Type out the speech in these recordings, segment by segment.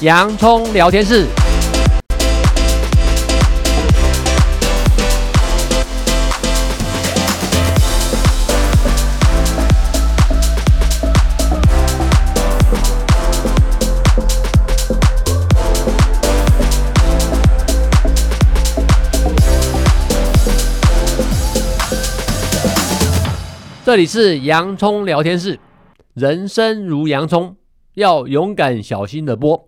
洋蔥聊天室，這裡是洋蔥聊天室。人生如洋蔥，要勇敢小心的剝。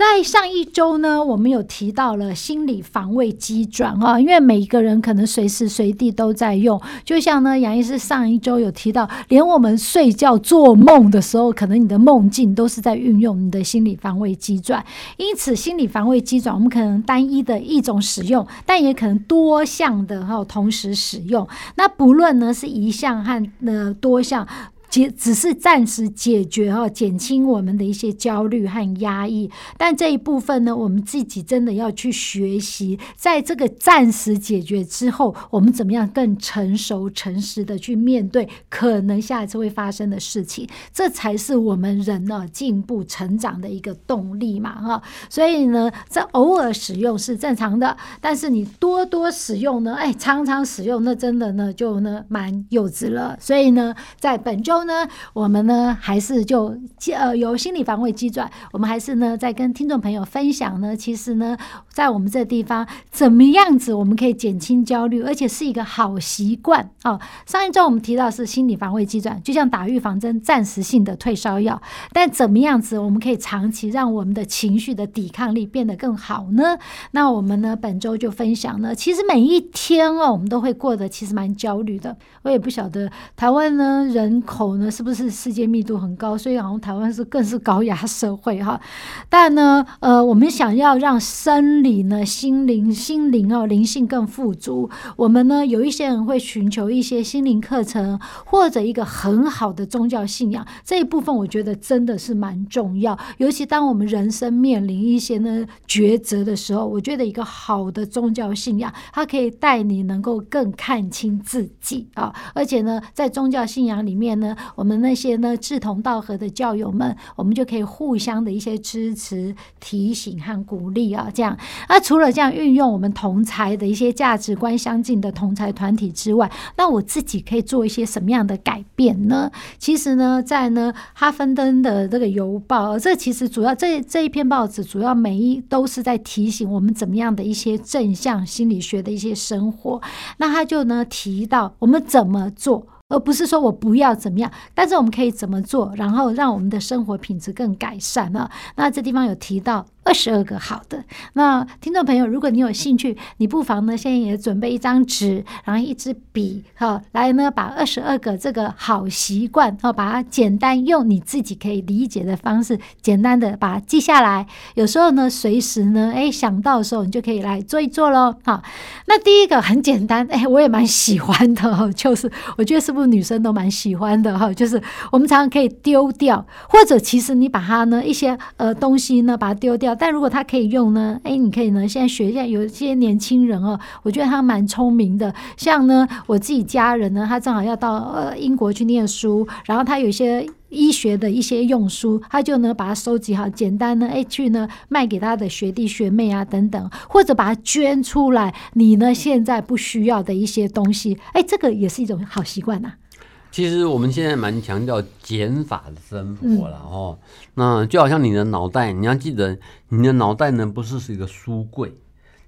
在上一週呢，我們有提到了心理防衛機轉哈，因為每一個人可能隨時隨地都在用。就像呢，楊醫師上一週有提到，連我們睡覺做夢的時候，可能你的夢境都是在運用你的心理防衛機轉。因此，心理防衛機轉我們可能單一的一種使用，但也可能多項的哈同時使用。那不論呢是一項和呃多項。解只是暫時解決哈，減輕我們的一些焦慮和壓抑。但這一部分呢，我們自己真的要去學習，在這個暫時解決之後，我們怎麼樣更成熟、誠實的去面對可能下一次會發生的事情？這才是我們人呢、啊、進步、成長的一個動力嘛哈。所以呢，這偶爾使用是正常的，但是你多多使用呢，哎，常常使用，那真的呢就呢蠻幼稚了。所以呢，在本周。後呢，我們呢還是就呃由心理防衛機轉，我們還是呢在跟聽眾朋友分享呢。其實呢，在我們這地方，怎麼樣子我們可以減輕焦慮，而且是一個好習慣哦，上一周我們提到是心理防衛機轉，就像打預防針、暫時性的退燒藥。但怎麼樣子我們可以長期讓我們的情緒的抵抗力變得更好呢？那我們呢本周就分享呢，其實每一天哦，我們都會過得其實蠻焦慮的。我也不曉得台灣呢人口。是不是世界密度很高，所以好像台灣是更是高壓社會哈？但呢，呃，我們想要讓生理呢、心靈、心靈哦、啊、靈性更富足，我們呢有一些人會尋求一些心靈課程，或者一個很好的宗教信仰這一部分，我覺得真的是蠻重要。尤其當我們人生面臨一些呢抉擇的時候，我覺得一個好的宗教信仰，它可以帶你能夠更看清自己啊，而且呢，在宗教信仰裡面呢。我們那些呢志同道合的教友們，我們就可以互相的一些支持、提醒和鼓勵啊，這樣。那除了這樣運用我們同儕的一些價值觀相近的同儕團體之外，那我自己可以做一些什麼樣的改變呢？其實呢，在呢哈芬登的這個郵報，這其實主要這這一篇報紙主要每一都是在提醒我們怎麼樣的一些正向心理學的一些生活。那他就呢提到我們怎麼做，而不是說我不要怎麼樣，但是我們可以怎麼做，然後讓我們的生活品質更改善了啊。那這地方有提到。二十二個好的，那聽眾朋友，如果你有興趣，你不妨呢現在也準備一張紙，然後一支筆，哈、哦，來呢把二十二個這個好習慣，哦，把它簡單用你自己可以理解的方式，簡單的把它記下來。有時候呢，隨時呢，哎，想到的時候，你就可以來做一做咯。哦、那第一個很簡單，哎，我也蠻喜歡的，哦、就是我覺得是不是女生都蠻喜歡的哈、哦，就是我們常常可以丟掉，或者其實你把它呢一些呃東西呢把它丟掉。但如果他可以用呢？哎，你可以呢，現在學一下。有一些年輕人哦，我覺得他蠻聰明的。像呢，我自己家人呢，他正好要到呃英國去念書，然後他有一些醫學的一些用書，他就呢把它收集好，簡單的哎去呢賣給他的學弟學妹啊等等，或者把它捐出來。你呢現在不需要的一些東西，哎，這個也是一種好習慣吶、啊。其實我們現在蠻強調減法的生活了哦，那就好像你的腦袋，你要記得，你的腦袋呢不是是一個書櫃，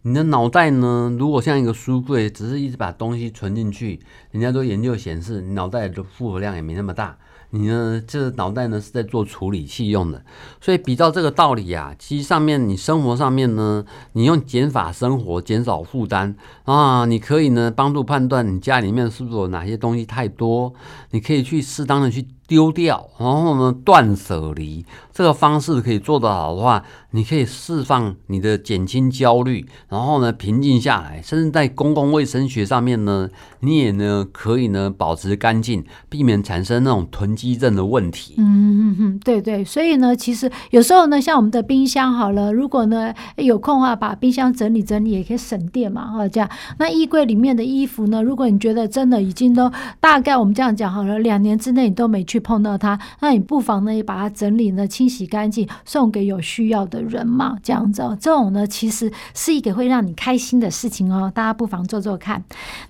你的腦袋呢如果像一個書櫃，只是一直把東西存進去，人家都研究顯示，腦袋的負荷量也沒那麼大。你呢，這個腦袋呢，是在做處理器用的，所以比較這個道理啊，其實上面你生活上面呢，你用減法生活，減少負擔啊，你可以呢幫助判斷你家裡面是不是有哪些東西太多，你可以去適當的去。丟掉，然後呢，斷捨離這個方式可以做得好的話，你可以釋放你的減輕焦慮，然後呢，平靜下來，甚至在公共衛生學上面呢，你也呢可以呢保持乾淨，避免產生那種囤積症的問題。嗯嗯嗯，對對，所以呢，其實有時候呢，像我們的冰箱好了，如果呢有空啊，把冰箱整理整理，也可以省電嘛，啊，這樣。那衣櫃裡面的衣服呢，如果你覺得真的已經都大概我們這樣講好了，兩年之內你都沒去。碰到它，那你不妨呢也把它整理呢清洗乾淨，送給有需要的人嘛，這樣子，哦。這種呢其實是一個會讓你開心的事情哦，大家不妨做做看。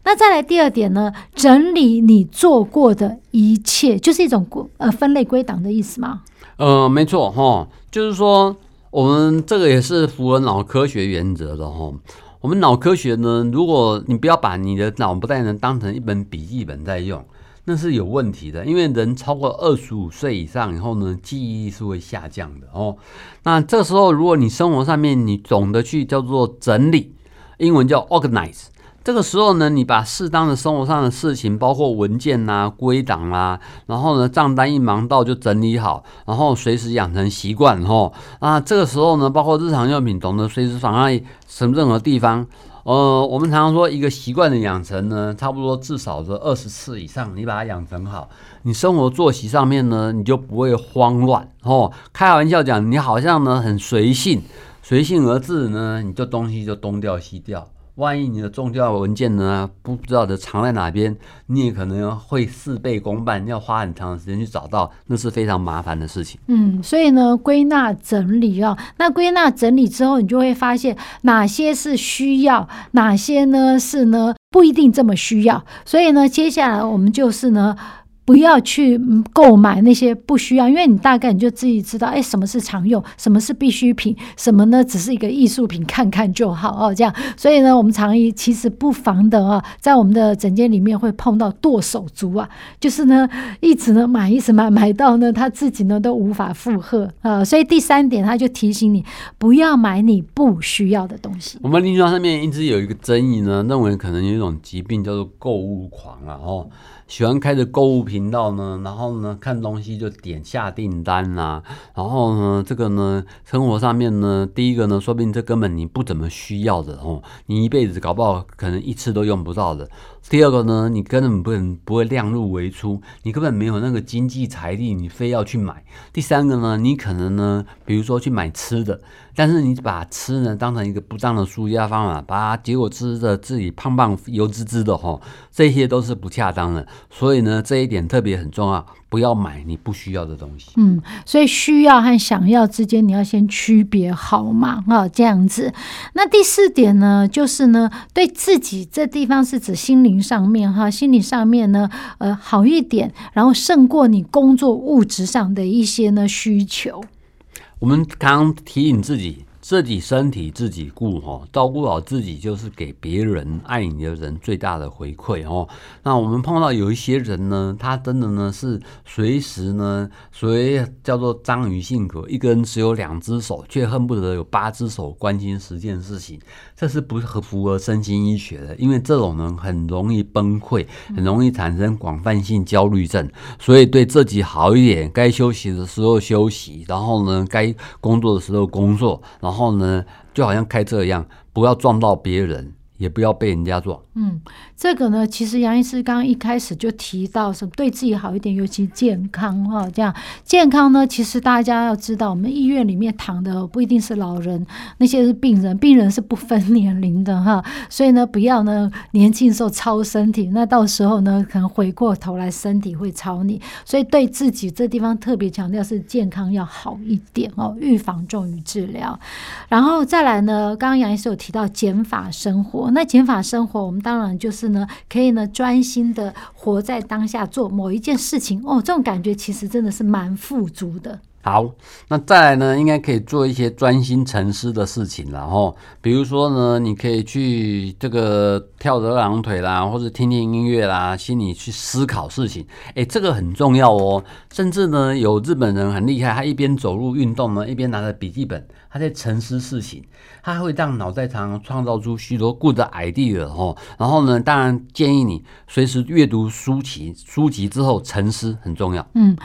那再來第二點呢，整理你做過的一切，就是一種歸呃分類歸檔的意思嗎？嗯、呃，沒錯哈，哦，就是說我們這個也是符合腦科學原則的哈，哦。我們腦科學呢，如果你不要把你的腦不但能當成一本筆記本在用。那是有問題的，因為人超過二十五歲以上以後呢，記憶力是會下降的哦。那這個時候，如果你生活上面你懂得去叫做整理，英文叫 organize，這個時候呢，你把適當的生活上的事情，包括文件吶、啊、歸檔啊，然後呢賬單一忙到就整理好，然後隨時養成習慣哦。啊，那這個時候呢，包括日常用品，懂得隨時放在什麼任何地方。呃，我們常常說一個習慣的養成呢，差不多至少是二十次以上，你把它養成好，你生活作息上面呢，你就不會慌亂哦。開玩笑講，你好像呢很隨性，隨性而至呢，你就東西就東掉西掉。萬一你的重要文件呢，不知道的藏在哪邊，你也可能會事倍功半，要花很長時間去找到，那是非常麻煩的事情。嗯，所以呢，歸納整理啊，哦，那歸納整理之後，你就會發現哪些是需要，哪些呢是呢不一定這麼需要。所以呢，接下來我們就是呢。不要去購、嗯、買那些不需要，因為你大概你就自己知道，哎、欸，什麼是常用，什麼是必需品，什麼呢只是一個藝術品，看看就好哦，這樣。所以呢，我們常以其實不妨的啊，在我們的診間裡面會碰到剁手族啊，就是呢一直呢買，一直買，買到呢他自己呢都無法負荷啊。所以第三點，他就提醒你不要買你不需要的東西。我們臨床上面一直有一個爭議呢，認為可能有一種疾病叫做購物狂啊，哦。喜歡開着購物頻道呢，然後呢看東西就點下訂單啦，啊，然後呢這個呢生活上面呢第一個呢說不定這根本你不怎麼需要的哦，你一輩子搞不好可能一次都用不到的。第二個呢，你根本不能不會量入為出，你根本沒有那個經濟財力，你非要去買。第三個呢，你可能呢，比如說去買吃的，但是你把吃呢當成一個不當的紓壓方法，把結果吃的自己胖胖油滋滋的吼，這些都是不恰當的。所以呢，這一點特別很重要。不要買你不需要的東西。嗯，所以需要和想要之間，你要先區別好嘛？哈，這樣子。那第四點呢，就是呢，對自己這地方是指心靈上面哈，心靈上面呢，呃，好一點，然後勝過你工作物質上的一些呢需求。我們剛剛提醒自己。自己身體自己顧好，照顧好自己就是給別人愛你的人最大的回饋哦。那我們碰到有一些人呢，他真的呢是隨時呢，隨叫做章魚性格，一個人只有兩隻手，卻恨不得有八隻手，關心十件事情，這是不合符合身心醫學的，因為這種人很容易崩潰，很容易產生廣泛性焦慮症。所以對自己好一點，該休息的時候休息，然後呢，該工作的時候工作，然後。然後呢，就好像開車一樣，不要撞到別人，也不要被人家撞。嗯，這個呢，其實楊醫師剛剛一開始就提到說，對自己好一點，尤其健康哈、哦。這樣健康呢，其實大家要知道，我們醫院裡面躺的不一定是老人，那些是病人，病人是不分年齡的哈。所以呢，不要呢年輕時候操身體，那到時候呢，可能回過頭來身體會操你。所以對自己這地方特別強調是健康要好一點哦，預防重於治療。然後再來呢，剛剛楊醫師有提到減法生活，那減法生活我們。當然，就是呢，可以呢，專心的活在當下，做某一件事情，哦，這種感覺其實真的是蠻富足的。好，那再來呢，應該可以做一些專心沉思的事情了吼。比如說呢，你可以去這個跳着二郎腿啦，或者聽聽音樂啦，心裡去思考事情。哎、欸，這個很重要哦。甚至呢，有日本人很厲害，他一邊走路運動呢，一邊拿着筆記本，他在沉思事情。他會讓腦袋常常創造出許多 good idea 哦。然後呢，當然建議你隨時閱讀書籍，書籍之後沉思很重要。嗯。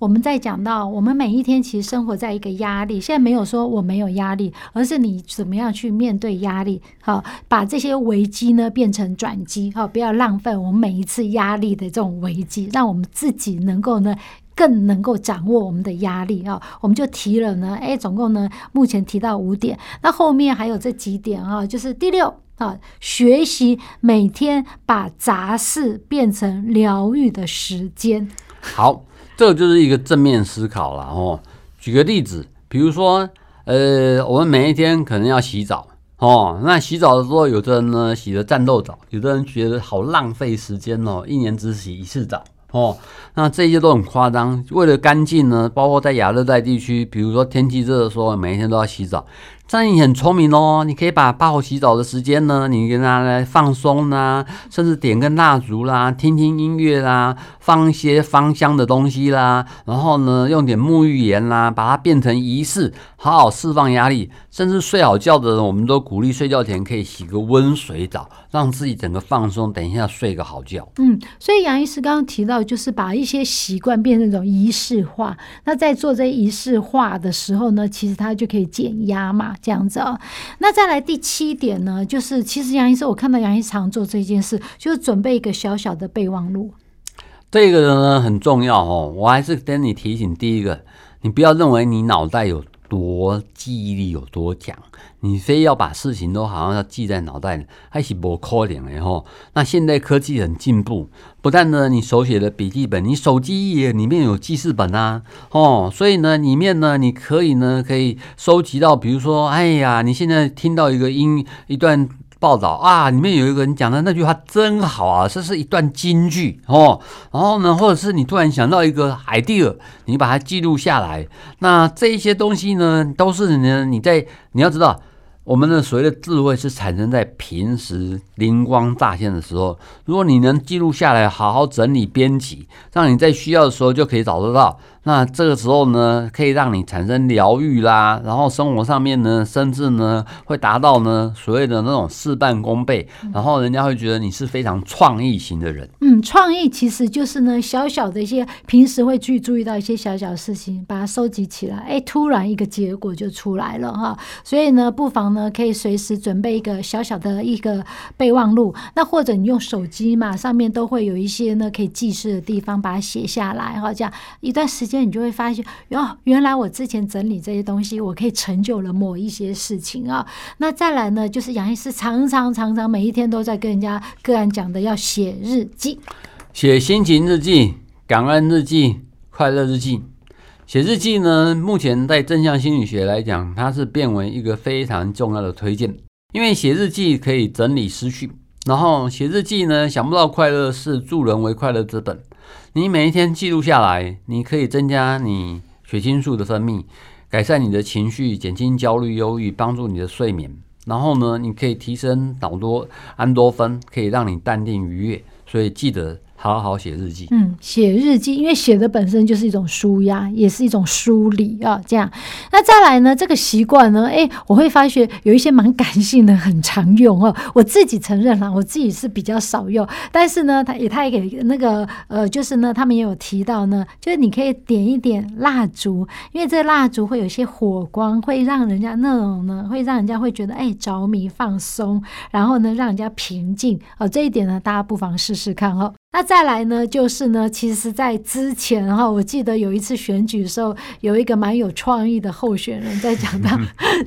我們在講到我們每一天其實生活在一個壓力，現在沒有說我沒有壓力，而是你怎麼樣去面對壓力，好，把這些危機呢變成轉機，好，不要浪費我們每一次壓力的這種危機，讓我們自己能夠呢更能夠掌握我們的壓力啊。我們就提了呢，哎，總共呢目前提到五點，那後面還有這幾點啊，就是第六啊，學習每天把雜事變成療癒的時間，好。這就是一個正面思考了哦。舉個例子，比如說，呃，我們每一天可能要洗澡哦。那洗澡的時候，有的人呢洗了戰鬥澡，有的人覺得好浪費時間哦，一年只洗一次澡哦。那這些都很誇張，為了乾淨呢，包括在亞熱帶地區，比如說天氣熱的時候，每一天都要洗澡。上姨很聰明哦，你可以把八號洗澡的時間呢，你跟他來放鬆啦、啊，甚至點個蠟燭啦，聽聽音樂啦、啊，放一些芳香的東西啦、啊，然後呢，用點沐浴鹽啦、啊，把它變成儀式，好好釋放壓力，甚至睡好覺的人，我們都鼓勵睡覺前可以洗個溫水澡，讓自己整個放鬆，等一下睡個好覺。嗯，所以楊醫師剛剛提到，就是把一些習慣變成一種儀式化。那在做這儀式化的時候呢，其實它就可以減壓嘛。這樣子啊，那再來第七點呢？就是其實楊醫師，我看到楊醫師常做這件事，就是準備一個小小的備忘錄。這個呢很重要哦，我還是跟你提醒，第一個，你不要認為你腦袋有多記憶力有多強。你非要把事情都好像要記在腦袋裡，還是無可能的哈、哦。那現代科技很進步，不但呢，你手寫的筆記本，你手機也裡面有記事本吶、啊，哦，所以呢，裡面呢，你可以呢，可以收集到，比如說，哎呀，你現在聽到一個音一段報道啊，裡面有一個人講的那句話真好啊，這是一段金句哦。然後呢，或者是你突然想到一個 idea，你把它記錄下來，那這一些東西呢，都是呢，你在你要知道。我們的所謂的智慧是產生在平時靈光乍現的時候，如果你能記錄下來，好好整理編輯，讓你在需要的時候就可以找得到。那這個時候呢，可以讓你產生療癒啦，然後生活上面呢，甚至呢會達到呢所謂的那種事半功倍，然後人家會覺得你是非常創意型的人。嗯，創意其實就是呢，小小的一些平時會去注意到一些小小事情，把它收集起來，哎、欸，突然一個結果就出來了哈。所以呢，不妨呢可以隨時準備一個小小的一個備忘錄，那或者你用手機嘛，上面都會有一些呢可以記事的地方，把它寫下來，哈，這樣一段時間。你就會發現，喲，原來我之前整理這些東西，我可以成就了某一些事情啊。那再來呢，就是楊醫師常常、常常每一天都在跟人家個案講的，要寫日記，寫心情日記、感恩日記、快樂日記。寫日記呢，目前在正向心理學來講，它是變為一個非常重要的推薦，因為寫日記可以整理思緒，然後寫日記呢，想不到快樂是助人為快樂之本。你每一天記錄下來，你可以增加你血清素的分泌，改善你的情緒，減輕焦慮、憂鬱，幫助你的睡眠。然後呢，你可以提升腦多安多芬，可以讓你淡定愉悅。所以記得。好好寫日記。嗯，寫日記，因為寫的本身就是一種紓壓，也是一種梳理啊、哦。這樣，那再來呢？這個習慣呢？誒、欸，我會發覺有一些蠻感性的，很常用哦。我自己承認啦，我自己是比較少用。但是呢，他也他也給那個呃，就是呢，他們也有提到呢，就是你可以點一點蠟燭，因為這蠟燭會有一些火光，會讓人家那種呢，會讓人家會覺得誒，着迷放鬆，然後呢，讓人家平靜。哦，這一點呢，大家不妨試試看哦。那再來呢，就是呢，其實，在之前哈，我記得有一次選舉的時候，有一個蠻有創意的候選人，在講到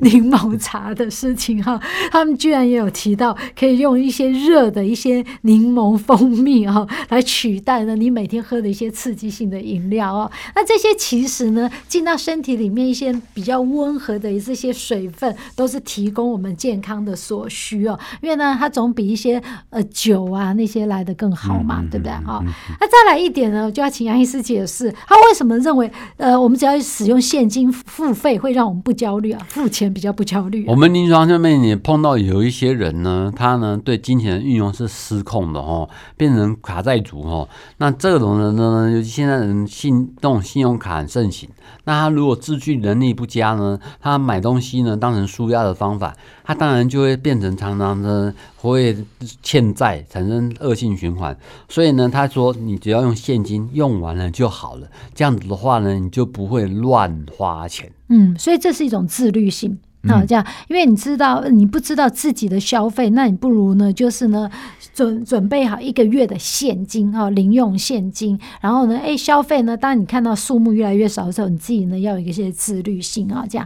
檸檬茶的事情哈。 他們居然也有提到，可以用一些熱的一些檸檬蜂蜜哈、哦，來取代呢，你每天喝的一些刺激性的飲料哦。那這些其實呢，進到身體裡面一些比較溫和的這些水分，都是提供我們健康的所需哦。因為呢，它總比一些呃酒啊那些來得更好嘛。嗯 對不對？好，那再來一點呢，就要請楊醫師解釋，他為什麼認為，呃，我們只要使用現金付費會讓我們不焦慮啊？付錢比較不焦慮。啊，我們臨床上面也碰到有一些人呢，他呢對金錢的運用是失控的哦，變成卡債族哦。那這種人呢，尤其現在人信這種信用卡很盛行，那他如果自制能力不佳呢，他買東西呢當成舒壓的方法，他當然就會變成常常的。不會欠債，產生惡性循環。所以呢，他說你只要用現金，用完了就好了。這樣子的話呢，你就不會亂花錢。嗯，所以這是一種自律性。好這樣，因為你知道你不知道自己的消費，那你不如呢，就是呢，準準備好一個月的現金哦，零用現金。然後呢，哎，消費呢，當你看到數目越來越少的時候，你自己呢要有一些自律性哦，這樣。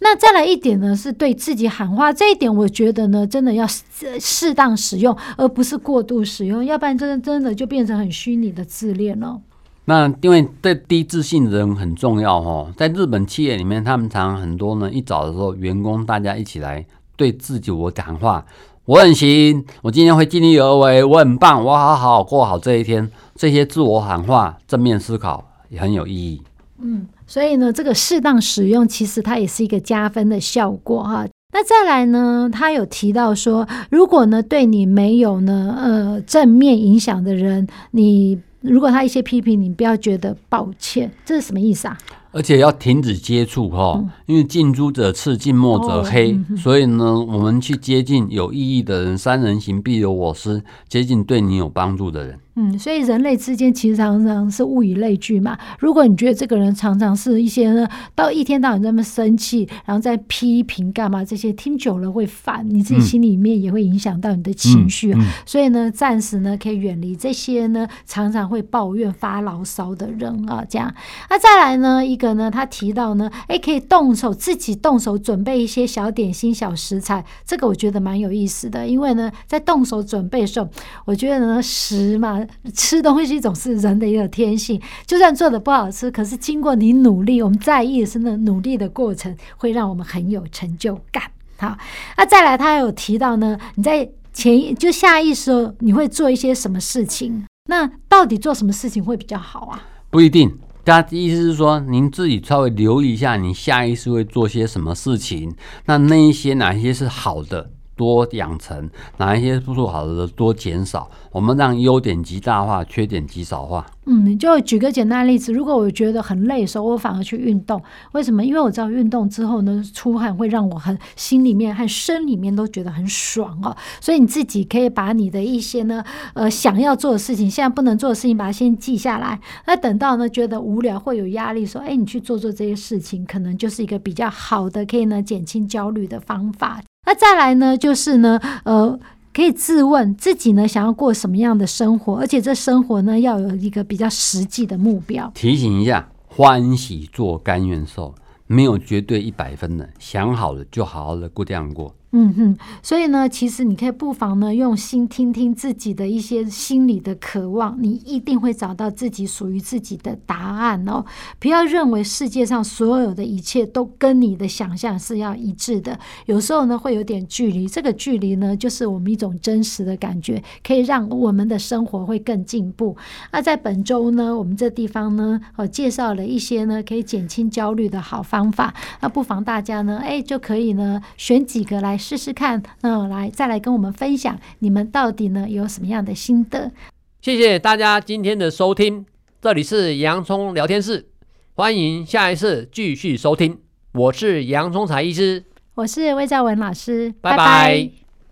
那再來一點呢，是對自己喊話，這一點我覺得呢，真的要適適當使用，而不是過度使用，要不然真的真的就變成很虛擬的自戀了。那因為對低自信的人很重要哈，在日本企業裡面，他們常常很多呢。一早的時候，員工大家一起來對自己我講話：“我很行，我今天會盡力而為，我很棒，我好好好過好這一天。”這些自我喊話、正面思考也很有意義。嗯，所以呢，這個適當使用，其實它也是一個加分的效果哈。那再來呢，他有提到說，如果呢對你沒有呢呃正面影響的人，你。如果他一些批評，你不要覺得抱歉，這是什麼意思啊？而且要停止接觸哈，嗯、因為近朱者赤，近墨者黑，哦、所以呢，我們去接近有意義的人，三人行必有我師，接近對你有幫助的人。嗯，所以人類之間其實常常是物以類聚嘛。如果你覺得這個人常常是一些呢，到一天到晚那麼生氣，然後在批評幹嘛這些，聽久了會煩，你自己心裡面也會影響到你的情緒。嗯嗯嗯、所以呢，暫時呢可以遠離這些呢常常會抱怨發牢騷的人啊，這樣。那再來呢一個呢，他提到呢，哎、欸，可以動手自己動手準備一些小點心、小食材，這個我覺得蠻有意思的，因為呢在動手準備的時候，我覺得呢食嘛。吃東西是一種是人的一個天性，就算做的不好吃，可是經過你努力，我們在意的是那努力的過程，會讓我們很有成就感。好，那再來，他還有提到呢，你在前就下意識說，你會做一些什麼事情？那到底做什麼事情會比較好啊？不一定，他的意思是說，您自己稍微留意一下，你下意識會做些什麼事情？那那一些哪一些是好的？多養成哪一些不好，好的多減少，我們讓優點極大化，缺點極少化。嗯，你就舉個簡單的例子，如果我覺得很累的時候，我反而去運動，為什麼？因為我知道運動之後呢，出汗會讓我很心裡面和身裡面都覺得很爽哦。所以你自己可以把你的一些呢，呃，想要做的事情，現在不能做的事情，把它先記下來。那等到呢，覺得無聊會有壓力，說，哎，你去做做這些事情，可能就是一個比較好的，可以呢減輕焦慮的方法。那再來呢，就是呢，呃，可以自問自己呢，想要過什麼樣的生活，而且這生活呢，要有一個比較實際的目標。提醒一下，歡喜做甘願受，沒有絕對一百分的，想好了就好好的過，這樣過。嗯哼，所以呢，其實你可以不妨呢用心聽聽自己的一些心裡的渴望，你一定會找到自己屬於自己的答案哦。不要認為世界上所有的一切都跟你的想象是要一致的，有時候呢會有點距離，這個距離呢就是我們一種真實的感覺，可以讓我們的生活會更進步。那在本週呢，我們這地方呢，我、哦、介紹了一些呢可以減輕焦慮的好方法，那不妨大家呢，哎就可以呢選幾個來試試看，那、嗯、來再來跟我們分享，你們到底呢有什麼樣的心得？謝謝大家今天的收聽，這裡是洋蔥聊天室，歡迎下一次繼續收聽，我是洋蔥財醫師，我是魏兆玟老師，拜拜。拜拜